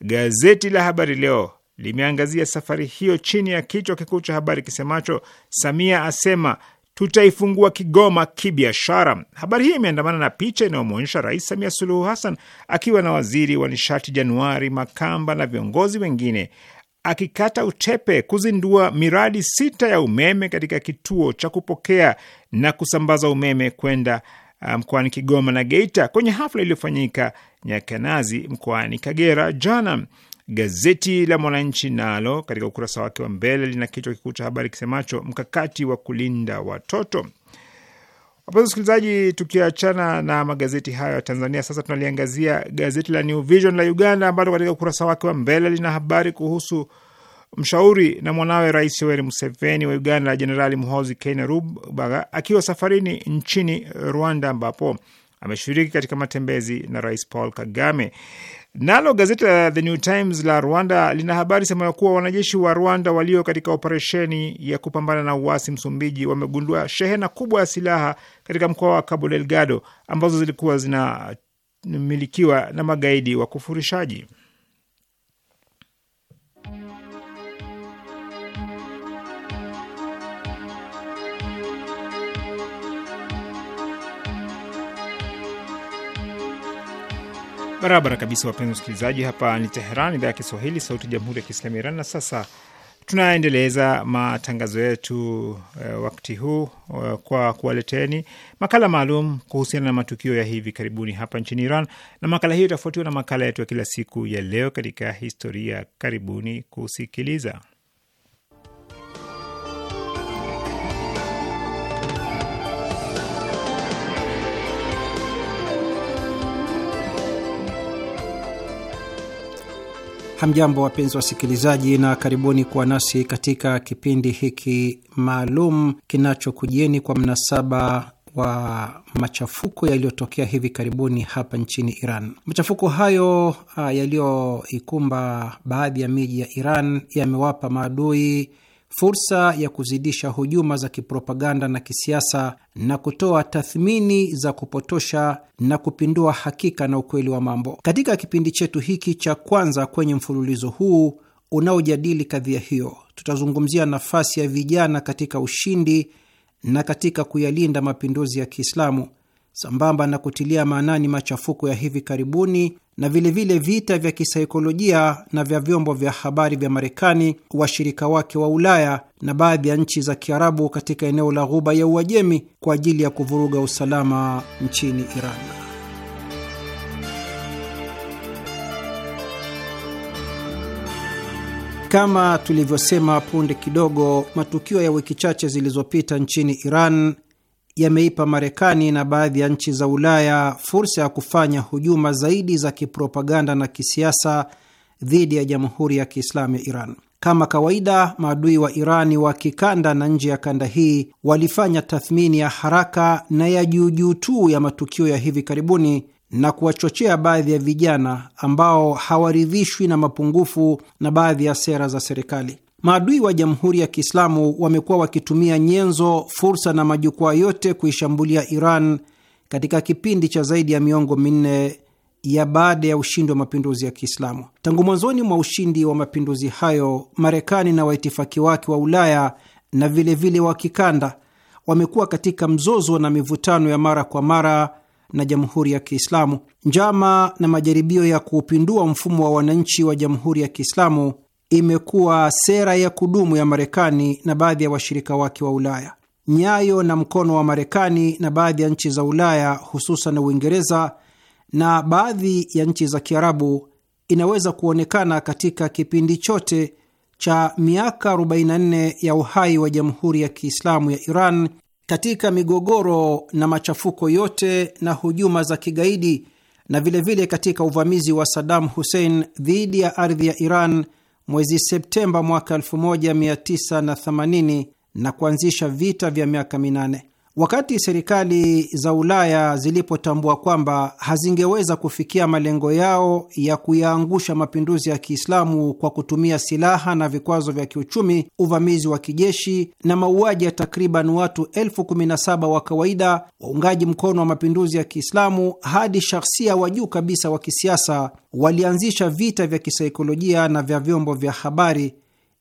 Gazeti la Habari Leo limeangazia safari hiyo chini ya kichwa kikuu cha habari kisemacho Samia asema tutaifungua Kigoma kibiashara. Habari hii imeandamana na picha inayomwonyesha Rais Samia Suluhu Hassan akiwa na waziri wa nishati Januari Makamba na viongozi wengine akikata utepe kuzindua miradi sita ya umeme katika kituo cha kupokea na kusambaza umeme kwenda uh, mkoani um, Kigoma na Geita kwenye hafla iliyofanyika Nyakanazi mkoani Kagera jana. Gazeti la Mwananchi nalo katika ukurasa wake wa mbele lina kichwa kikuu cha habari kisemacho mkakati wa kulinda watoto. Wapenzi wasikilizaji, tukiachana na magazeti hayo ya Tanzania, sasa tunaliangazia gazeti la New Vision la Uganda ambalo katika ukurasa wake wa mbele lina habari kuhusu mshauri na mwanawe Rais Yoweri Museveni wa Uganda jenerali Jenerali Muhoozi Kainerugaba akiwa safarini nchini Rwanda ambapo ameshiriki katika matembezi na Rais Paul Kagame. Nalo gazeti la The New Times la Rwanda lina habari semayo kuwa wanajeshi wa Rwanda walio katika operesheni ya kupambana na uasi Msumbiji wamegundua shehena kubwa ya silaha katika mkoa wa Cabo Delgado ambazo zilikuwa zinamilikiwa na magaidi wa kufurishaji. Barabara kabisa, wapenzi wasikilizaji, hapa ni Teheran, idhaa ya Kiswahili, sauti ya jamhuri ya kiislamu ya Iran. Na sasa tunaendeleza matangazo yetu e, wakati huu e, kwa kuwaleteni makala maalum kuhusiana na matukio ya hivi karibuni hapa nchini Iran, na makala hiyo itafuatiwa na makala yetu ya kila siku ya leo katika historia. Karibuni kusikiliza. Hamjambo, wapenzi wasikilizaji, na karibuni kuwa nasi katika kipindi hiki maalum kinachokujieni kwa mnasaba wa machafuko yaliyotokea hivi karibuni hapa nchini Iran. Machafuko hayo ah, yaliyoikumba baadhi ya miji ya Iran yamewapa maadui fursa ya kuzidisha hujuma za kipropaganda na kisiasa na kutoa tathmini za kupotosha na kupindua hakika na ukweli wa mambo. Katika kipindi chetu hiki cha kwanza kwenye mfululizo huu unaojadili kadhia hiyo, tutazungumzia nafasi ya vijana katika ushindi na katika kuyalinda mapinduzi ya Kiislamu sambamba na kutilia maanani machafuko ya hivi karibuni na vilevile vile vita vya kisaikolojia na vya vyombo vya habari vya Marekani, washirika wake wa Ulaya na baadhi ya nchi za Kiarabu katika eneo la Ghuba ya Uajemi kwa ajili ya kuvuruga usalama nchini Iran. Kama tulivyosema punde kidogo, matukio ya wiki chache zilizopita nchini Iran yameipa Marekani na baadhi ya nchi za Ulaya fursa ya kufanya hujuma zaidi za kipropaganda na kisiasa dhidi ya Jamhuri ya Kiislamu ya Iran. Kama kawaida, maadui wa Irani wa kikanda na nje ya kanda hii walifanya tathmini ya haraka na ya juujuu tu ya matukio ya hivi karibuni na kuwachochea baadhi ya vijana ambao hawaridhishwi na mapungufu na baadhi ya sera za serikali. Maadui wa Jamhuri ya Kiislamu wamekuwa wakitumia nyenzo, fursa na majukwaa yote kuishambulia Iran katika kipindi cha zaidi ya miongo minne ya baada ya ushindi wa mapinduzi ya Kiislamu. Tangu mwanzoni mwa ushindi wa mapinduzi hayo, Marekani na waitifaki wake wa Ulaya na vilevile vile wa kikanda wamekuwa katika mzozo na mivutano ya mara kwa mara na Jamhuri ya Kiislamu. Njama na majaribio ya kuupindua mfumo wa wananchi wa Jamhuri ya Kiislamu imekuwa sera ya kudumu ya Marekani na baadhi ya washirika wake wa Ulaya. Nyayo na mkono wa Marekani na baadhi ya nchi za Ulaya, hususan Uingereza na baadhi ya nchi za Kiarabu inaweza kuonekana katika kipindi chote cha miaka 44 ya uhai wa Jamhuri ya Kiislamu ya Iran katika migogoro na machafuko yote na hujuma za kigaidi na vilevile vile katika uvamizi wa Saddam Hussein dhidi ya ardhi ya Iran mwezi Septemba mwaka 1980 na kuanzisha vita vya miaka minane. Wakati serikali za Ulaya zilipotambua kwamba hazingeweza kufikia malengo yao ya kuyaangusha mapinduzi ya Kiislamu kwa kutumia silaha na vikwazo vya kiuchumi, uvamizi wa kijeshi na mauaji ya takriban watu elfu kumi na saba wa kawaida, waungaji mkono wa mapinduzi ya Kiislamu hadi shahsia wa juu kabisa wa kisiasa, walianzisha vita vya kisaikolojia na vya vyombo vya habari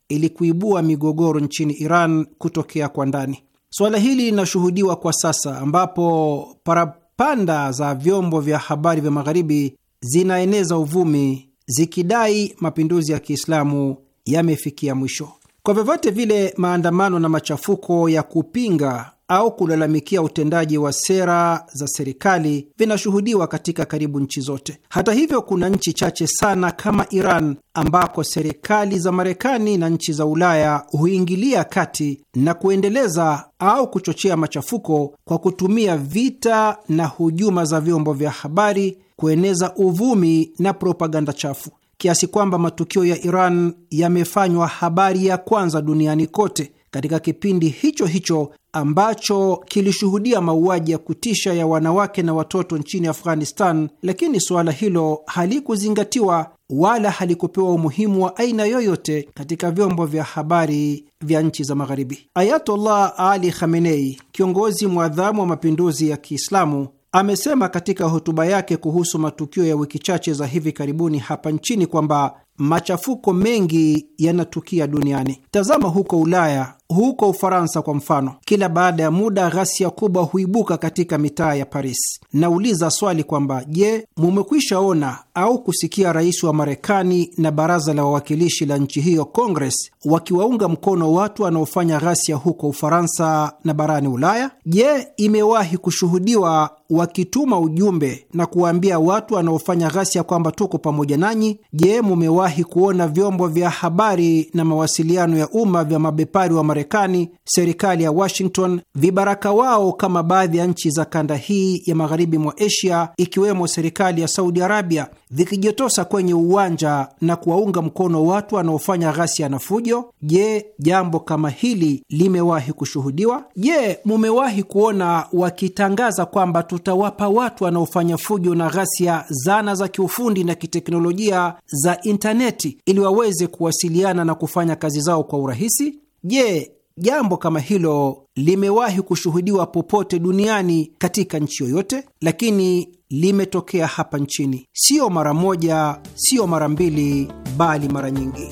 ili kuibua migogoro nchini Iran kutokea kwa ndani. Suala hili linashuhudiwa kwa sasa ambapo parapanda za vyombo vya habari vya Magharibi zinaeneza uvumi zikidai mapinduzi ya Kiislamu yamefikia mwisho. Kwa vyovyote vile, maandamano na machafuko ya kupinga au kulalamikia utendaji wa sera za serikali vinashuhudiwa katika karibu nchi zote. Hata hivyo, kuna nchi chache sana kama Iran ambako serikali za Marekani na nchi za Ulaya huingilia kati na kuendeleza au kuchochea machafuko kwa kutumia vita na hujuma za vyombo vya habari kueneza uvumi na propaganda chafu kiasi kwamba matukio ya Iran yamefanywa habari ya kwanza duniani kote katika kipindi hicho hicho ambacho kilishuhudia mauaji ya kutisha ya wanawake na watoto nchini Afghanistan, lakini suala hilo halikuzingatiwa wala halikupewa umuhimu wa aina yoyote katika vyombo vya habari vya nchi za Magharibi. Ayatollah Ali Khamenei, kiongozi mwadhamu wa mapinduzi ya Kiislamu, amesema katika hotuba yake kuhusu matukio ya wiki chache za hivi karibuni hapa nchini kwamba machafuko mengi yanatukia duniani. Tazama huko Ulaya huko Ufaransa kwa mfano, kila baada ya muda ghasia kubwa huibuka katika mitaa ya Paris. Nauliza swali kwamba je, mumekwisha ona au kusikia rais wa Marekani na baraza la wawakilishi la nchi hiyo Congress wakiwaunga mkono watu wanaofanya ghasia huko Ufaransa na barani Ulaya? Je, imewahi kushuhudiwa wakituma ujumbe na kuwaambia watu wanaofanya ghasia kwamba tuko pamoja nanyi? Je, mumewahi kuona vyombo vya habari na mawasiliano ya umma vya mabepari wa Marekani Marekani, serikali ya Washington, vibaraka wao kama baadhi ya nchi za kanda hii ya magharibi mwa Asia ikiwemo serikali ya Saudi Arabia vikijitosa kwenye uwanja na kuwaunga mkono watu wanaofanya ghasia na fujo? Je, jambo kama hili limewahi kushuhudiwa? Je, mumewahi kuona wakitangaza kwamba tutawapa watu wanaofanya fujo na ghasia zana za kiufundi na kiteknolojia za intaneti ili waweze kuwasiliana na kufanya kazi zao kwa urahisi? Je, jambo kama hilo limewahi kushuhudiwa popote duniani katika nchi yoyote? Lakini limetokea hapa nchini, sio mara moja, sio mara mbili, bali mara nyingi.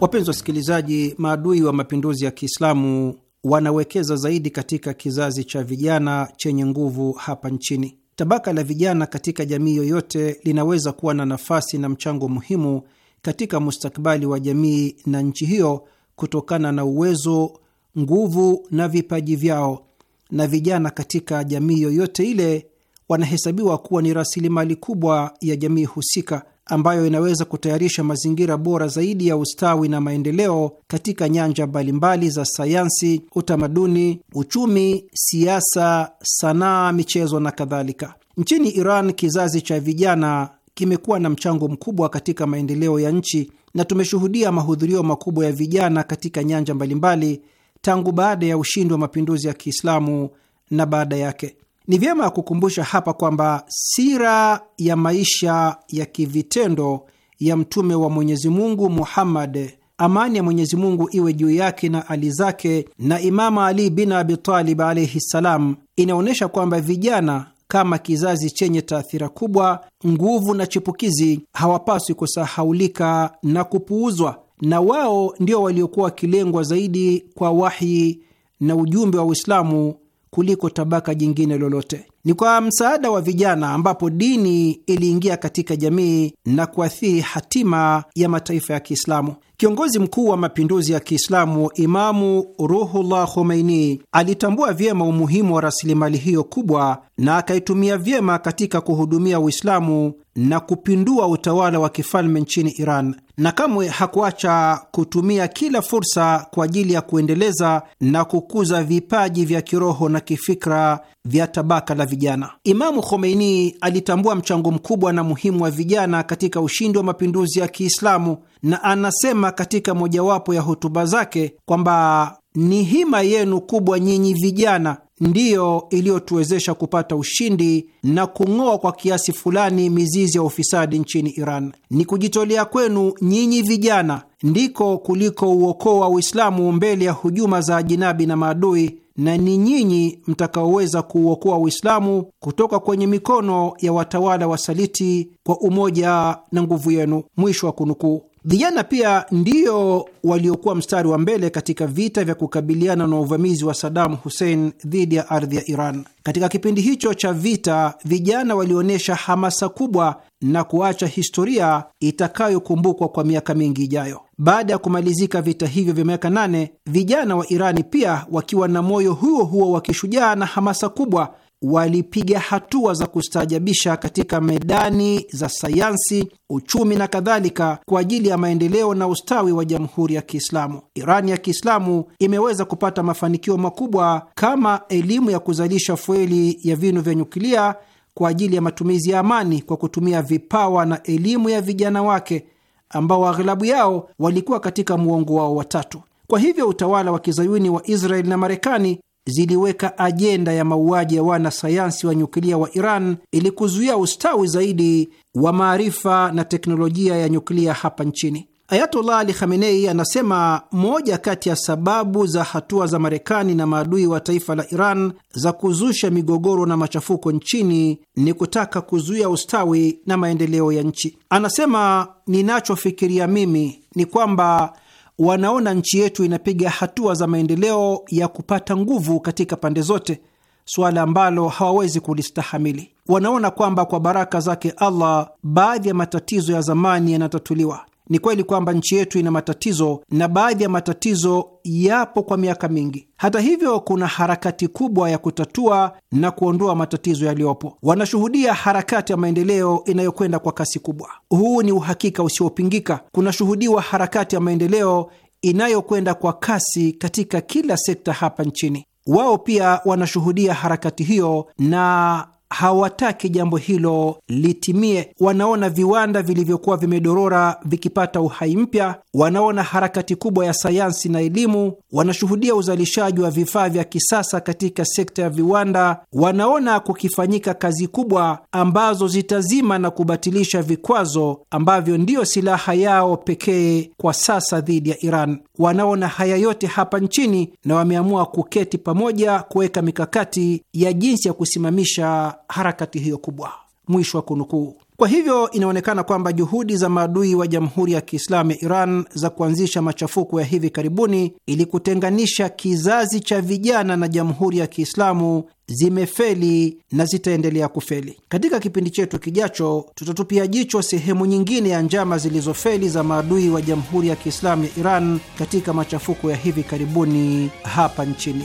Wapenzi wasikilizaji, maadui wa mapinduzi ya Kiislamu wanawekeza zaidi katika kizazi cha vijana chenye nguvu hapa nchini. Tabaka la vijana katika jamii yoyote linaweza kuwa na nafasi na mchango muhimu katika mustakabali wa jamii na nchi hiyo kutokana na uwezo, nguvu na vipaji vyao, na vijana katika jamii yoyote ile wanahesabiwa kuwa ni rasilimali kubwa ya jamii husika ambayo inaweza kutayarisha mazingira bora zaidi ya ustawi na maendeleo katika nyanja mbalimbali za sayansi, utamaduni, uchumi, siasa, sanaa, michezo na kadhalika. Nchini Iran, kizazi cha vijana kimekuwa na mchango mkubwa katika maendeleo ya nchi na tumeshuhudia mahudhurio makubwa ya vijana katika nyanja mbalimbali tangu baada ya ushindi wa mapinduzi ya Kiislamu na baada yake. Ni vyema kukumbusha hapa kwamba sira ya maisha ya kivitendo ya mtume wa Mwenyezi Mungu Muhammad, amani ya Mwenyezi Mungu iwe juu yake na ali zake, na Imama Ali bin Abi Talib alaihi ssalam, inaonyesha kwamba vijana kama kizazi chenye taathira kubwa, nguvu na chipukizi hawapaswi kusahaulika na kupuuzwa, na wao ndio waliokuwa wakilengwa zaidi kwa wahi na ujumbe wa Uislamu kuliko tabaka jingine lolote. Ni kwa msaada wa vijana ambapo dini iliingia katika jamii na kuathiri hatima ya mataifa ya Kiislamu. Kiongozi mkuu wa mapinduzi ya Kiislamu Imamu Ruhullah Khomeini alitambua vyema umuhimu wa rasilimali hiyo kubwa na akaitumia vyema katika kuhudumia Uislamu na kupindua utawala wa kifalme nchini Iran, na kamwe hakuacha kutumia kila fursa kwa ajili ya kuendeleza na kukuza vipaji vya kiroho na kifikra vya tabaka la vijana. Imamu Khomeini alitambua mchango mkubwa na muhimu wa vijana katika ushindi wa mapinduzi ya Kiislamu, na anasema katika mojawapo ya hotuba zake kwamba ni hima yenu kubwa nyinyi vijana ndiyo iliyotuwezesha kupata ushindi na kung'oa kwa kiasi fulani mizizi ya ufisadi nchini Iran. Ni kujitolea kwenu nyinyi vijana ndiko kuliko uokoo wa Uislamu mbele ya hujuma za ajinabi na maadui na ni nyinyi mtakaoweza kuuokoa Uislamu kutoka kwenye mikono ya watawala wasaliti kwa umoja na nguvu yenu. Mwisho wa kunukuu. Vijana pia ndiyo waliokuwa mstari wa mbele katika vita vya kukabiliana na uvamizi wa Saddam Hussein dhidi ya ardhi ya Iran. Katika kipindi hicho cha vita, vijana walionyesha hamasa kubwa na kuacha historia itakayokumbukwa kwa miaka mingi ijayo. Baada ya kumalizika vita hivyo vya miaka nane, vijana wa Irani pia wakiwa na moyo huo huo wa kishujaa na hamasa kubwa walipiga hatua za kustaajabisha katika medani za sayansi, uchumi na kadhalika kwa ajili ya maendeleo na ustawi wa Jamhuri ya Kiislamu. Irani ya Kiislamu imeweza kupata mafanikio makubwa kama elimu ya kuzalisha fueli ya vinu vya nyukilia kwa ajili ya matumizi ya amani kwa kutumia vipawa na elimu ya vijana wake ambao aghlabu yao walikuwa katika muongo wao watatu. Kwa hivyo utawala wa kizayuni wa Israeli na Marekani ziliweka ajenda ya mauaji ya wanasayansi wa nyuklia wa Iran ili kuzuia ustawi zaidi wa maarifa na teknolojia ya nyuklia hapa nchini. Ayatollah Ali Khamenei anasema moja kati ya sababu za hatua za Marekani na maadui wa taifa la Iran za kuzusha migogoro na machafuko nchini ni kutaka kuzuia ustawi na maendeleo ya nchi. Anasema, ninachofikiria mimi ni kwamba wanaona nchi yetu inapiga hatua za maendeleo ya kupata nguvu katika pande zote, suala ambalo hawawezi kulistahamili. Wanaona kwamba kwa baraka zake Allah baadhi ya matatizo ya zamani yanatatuliwa ni kweli kwamba nchi yetu ina matatizo na baadhi ya matatizo yapo kwa miaka mingi. Hata hivyo, kuna harakati kubwa ya kutatua na kuondoa matatizo yaliyopo. Wanashuhudia harakati ya maendeleo inayokwenda kwa kasi kubwa. Huu ni uhakika usiopingika. Kunashuhudiwa harakati ya maendeleo inayokwenda kwa kasi katika kila sekta hapa nchini. Wao pia wanashuhudia harakati hiyo na hawataki jambo hilo litimie. Wanaona viwanda vilivyokuwa vimedorora vikipata uhai mpya, wanaona harakati kubwa ya sayansi na elimu, wanashuhudia uzalishaji wa vifaa vya kisasa katika sekta ya viwanda, wanaona kukifanyika kazi kubwa ambazo zitazima na kubatilisha vikwazo ambavyo ndiyo silaha yao pekee kwa sasa dhidi ya Iran. Wanaona haya yote hapa nchini na wameamua kuketi pamoja kuweka mikakati ya jinsi ya kusimamisha harakati hiyo kubwa. Mwisho wa kunukuu. Kwa hivyo inaonekana kwamba juhudi za maadui wa Jamhuri ya Kiislamu ya Iran za kuanzisha machafuko ya hivi karibuni ili kutenganisha kizazi cha vijana na Jamhuri ya Kiislamu zimefeli na zitaendelea kufeli. Katika kipindi chetu kijacho, tutatupia jicho sehemu nyingine ya njama zilizofeli za maadui wa Jamhuri ya Kiislamu ya Iran katika machafuko ya hivi karibuni hapa nchini.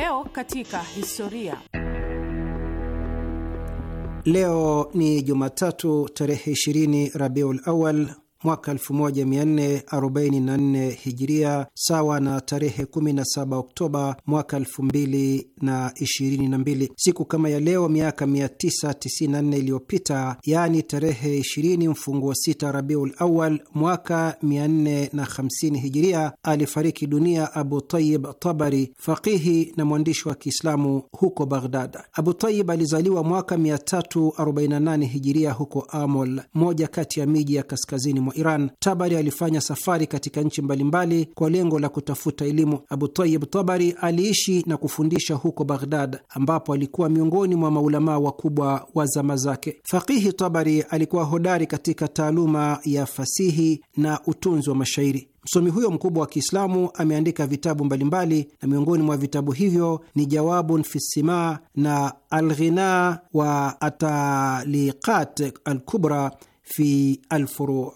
Leo katika historia. Leo ni Jumatatu tarehe 20 Rabiul Awal mwaka 1444 hijiria sawa na tarehe 17 Oktoba mwaka 2022. Siku kama ya leo miaka 994 iliyopita, yaani tarehe 20 mfunguo 6 Rabiul Awal mwaka 450 hijiria, alifariki dunia Abu tayib Tabari, faqihi na mwandishi wa Kiislamu huko Baghdad. Abu tayib alizaliwa mwaka 348 hijiria huko Amol, moja kati ya miji ya kaskazini mwa Iran. Tabari alifanya safari katika nchi mbalimbali kwa lengo la kutafuta elimu. Abu tayib Tabari aliishi na kufundisha huko Baghdad, ambapo alikuwa miongoni mwa maulamaa wakubwa wa zama zake. Fakihi Tabari alikuwa hodari katika taaluma ya fasihi na utunzi wa mashairi. Msomi huyo mkubwa wa Kiislamu ameandika vitabu mbalimbali na miongoni mwa vitabu hivyo ni Jawabun fi na Alghina wa Ataliqat Alkubra fi Alfuruu.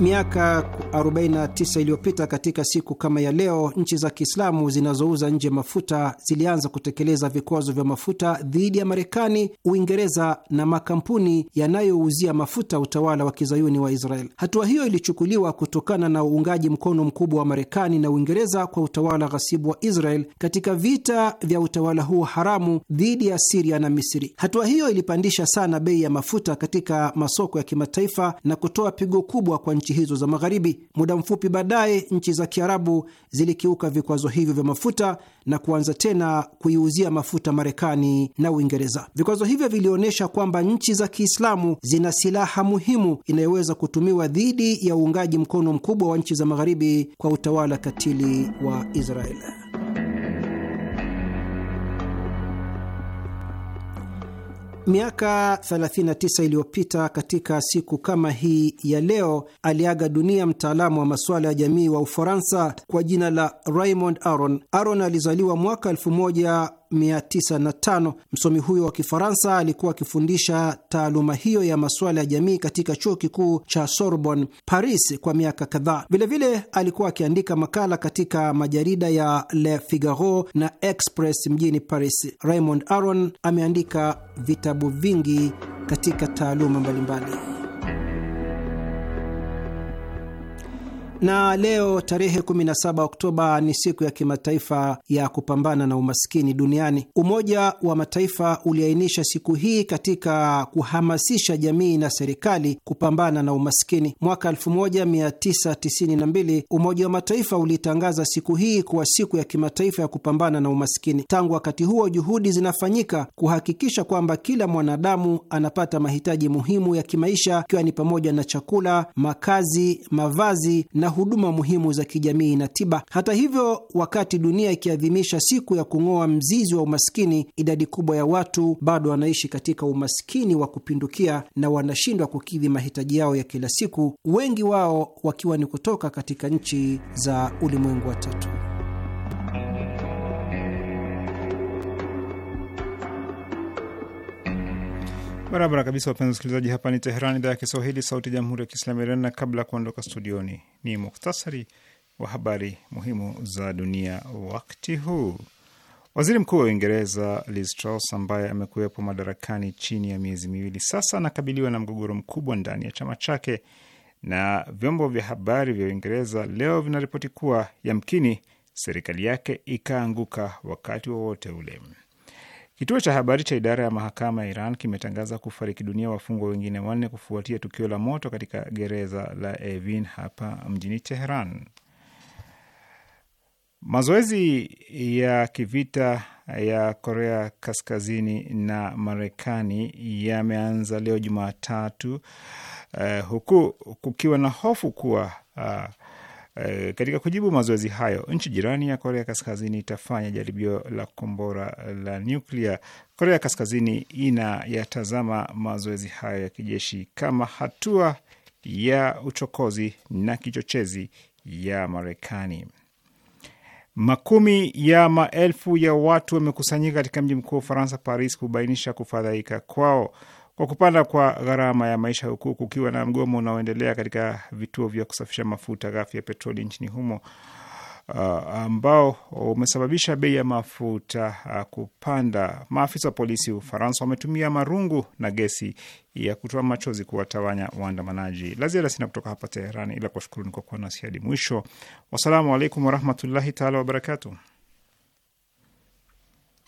Miaka 49 iliyopita katika siku kama ya leo, nchi za Kiislamu zinazouza nje mafuta zilianza kutekeleza vikwazo vya mafuta dhidi ya Marekani, Uingereza na makampuni yanayouzia mafuta utawala wa kizayuni wa Israel. Hatua hiyo ilichukuliwa kutokana na uungaji mkono mkubwa wa Marekani na Uingereza kwa utawala ghasibu wa Israel katika vita vya utawala huo haramu dhidi ya Siria na Misri. Hatua hiyo ilipandisha sana bei ya mafuta katika masoko ya kimataifa na kutoa pigo kubwa kwa nchi hizo za Magharibi. Muda mfupi baadaye, nchi za Kiarabu zilikiuka vikwazo hivyo vya mafuta na kuanza tena kuiuzia mafuta Marekani na Uingereza. Vikwazo hivyo vilionyesha kwamba nchi za Kiislamu zina silaha muhimu inayoweza kutumiwa dhidi ya uungaji mkono mkubwa wa nchi za Magharibi kwa utawala katili wa Israeli. Miaka 39 iliyopita katika siku kama hii ya leo aliaga dunia mtaalamu wa masuala ya jamii wa Ufaransa kwa jina la Raymond Aron. Aron alizaliwa mwaka 1 1905. Msomi huyo wa Kifaransa alikuwa akifundisha taaluma hiyo ya masuala ya jamii katika chuo kikuu cha Sorbonne, Paris, kwa miaka kadhaa. Vilevile alikuwa akiandika makala katika majarida ya Le Figaro na Express mjini Paris. Raymond Aron ameandika vitabu vingi katika taaluma mbalimbali. na leo tarehe 17 Oktoba ni siku ya kimataifa ya kupambana na umaskini duniani. Umoja wa Mataifa uliainisha siku hii katika kuhamasisha jamii na serikali kupambana na umaskini. Mwaka 1992 Umoja wa Mataifa ulitangaza siku hii kuwa siku ya kimataifa ya kupambana na umaskini. Tangu wakati huo, juhudi zinafanyika kuhakikisha kwamba kila mwanadamu anapata mahitaji muhimu ya kimaisha, ikiwa ni pamoja na chakula, makazi, mavazi na na huduma muhimu za kijamii na tiba. Hata hivyo, wakati dunia ikiadhimisha siku ya kung'oa mzizi wa umaskini, idadi kubwa ya watu bado wanaishi katika umaskini wa kupindukia na wanashindwa kukidhi mahitaji yao ya kila siku, wengi wao wakiwa ni kutoka katika nchi za ulimwengu wa tatu. Barabara kabisa, wapenzi wasikilizaji, hapa ni Teheran, idhaa ya Kiswahili, sauti ya jamhuri ya kiislamu Iran. Na kabla ya kuondoka studioni, ni muktasari wa habari muhimu za dunia wakti huu. Waziri mkuu wa Uingereza Liz Truss ambaye amekuwepo madarakani chini ya miezi miwili sasa, anakabiliwa na mgogoro mkubwa ndani ya chama chake, na vyombo vya habari vya Uingereza leo vinaripoti kuwa yamkini serikali yake ikaanguka wakati wowote wa ule. Kituo cha habari cha idara ya mahakama ya Iran kimetangaza kufariki dunia wafungwa wengine wanne kufuatia tukio la moto katika gereza la Evin hapa mjini Teheran. Mazoezi ya kivita ya Korea Kaskazini na Marekani yameanza leo Jumatatu, uh, huku kukiwa na hofu kuwa uh, Eh, katika kujibu mazoezi hayo, nchi jirani ya Korea Kaskazini itafanya jaribio la kombora la nyuklia. Korea Kaskazini inayatazama mazoezi hayo ya kijeshi kama hatua ya uchokozi na kichochezi ya Marekani. Makumi ya maelfu ya watu wamekusanyika katika mji mkuu wa Ufaransa, Paris, kubainisha kufadhaika kwao kwa kupanda kwa gharama ya maisha, huku kukiwa na mgomo unaoendelea katika vituo vya kusafisha mafuta ghafi ya petroli nchini humo, uh, ambao umesababisha bei ya mafuta uh, kupanda. Maafisa wa polisi Ufaransa wametumia marungu na gesi ya kutoa machozi kuwatawanya waandamanaji. La ziada sina kutoka hapa Teherani ila kuwashukuruni kwa kuwa nasi hadi mwisho. Wassalamu alaikum warahmatullahi taala wabarakatuh.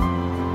Bye.